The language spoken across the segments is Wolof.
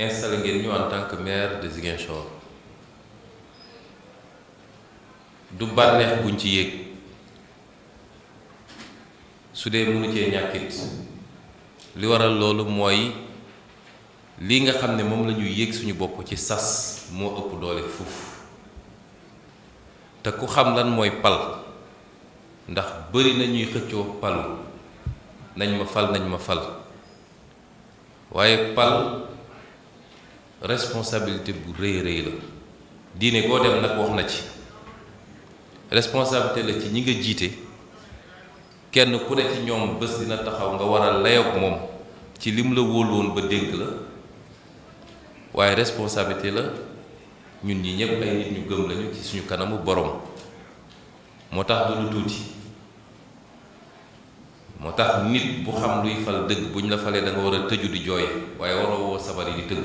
installé ngeen ñu en tant que maire de Ziguinchor du bànneex buñ ci yéeg su dee mënu cee ñàkkit li waral loolu mooy lii nga xam ne moom la ñuy yéeg suñu bopp ci sas moo ëpp doole fuuf te ku xam lan mooy pal ndax bari na ñuy xëccoo palu nañ ma fal nañ ma fal waaye pal responsabilité bu rëy rëy la diine koo dem nag wax na ci responsabilité la ci ñi nga jiite kenn ku de ci ñoom bés dina taxaw nga war a layoog moom ci lim la wóolu woon ba dénk la waaye responsabilité la ñun ñi ñëpp ay nit ñu gëm lañu ci suñu kanamu borom moo tax du lu tuuti moo tax nit bu xam luy fal dëgg bu ñu la falee da nga war a tëju di jooy waaye waroo woo sabar yi di tëgg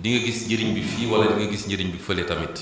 di nga gis njëriñ bi fii wala di gis njëriñ bi fële tamit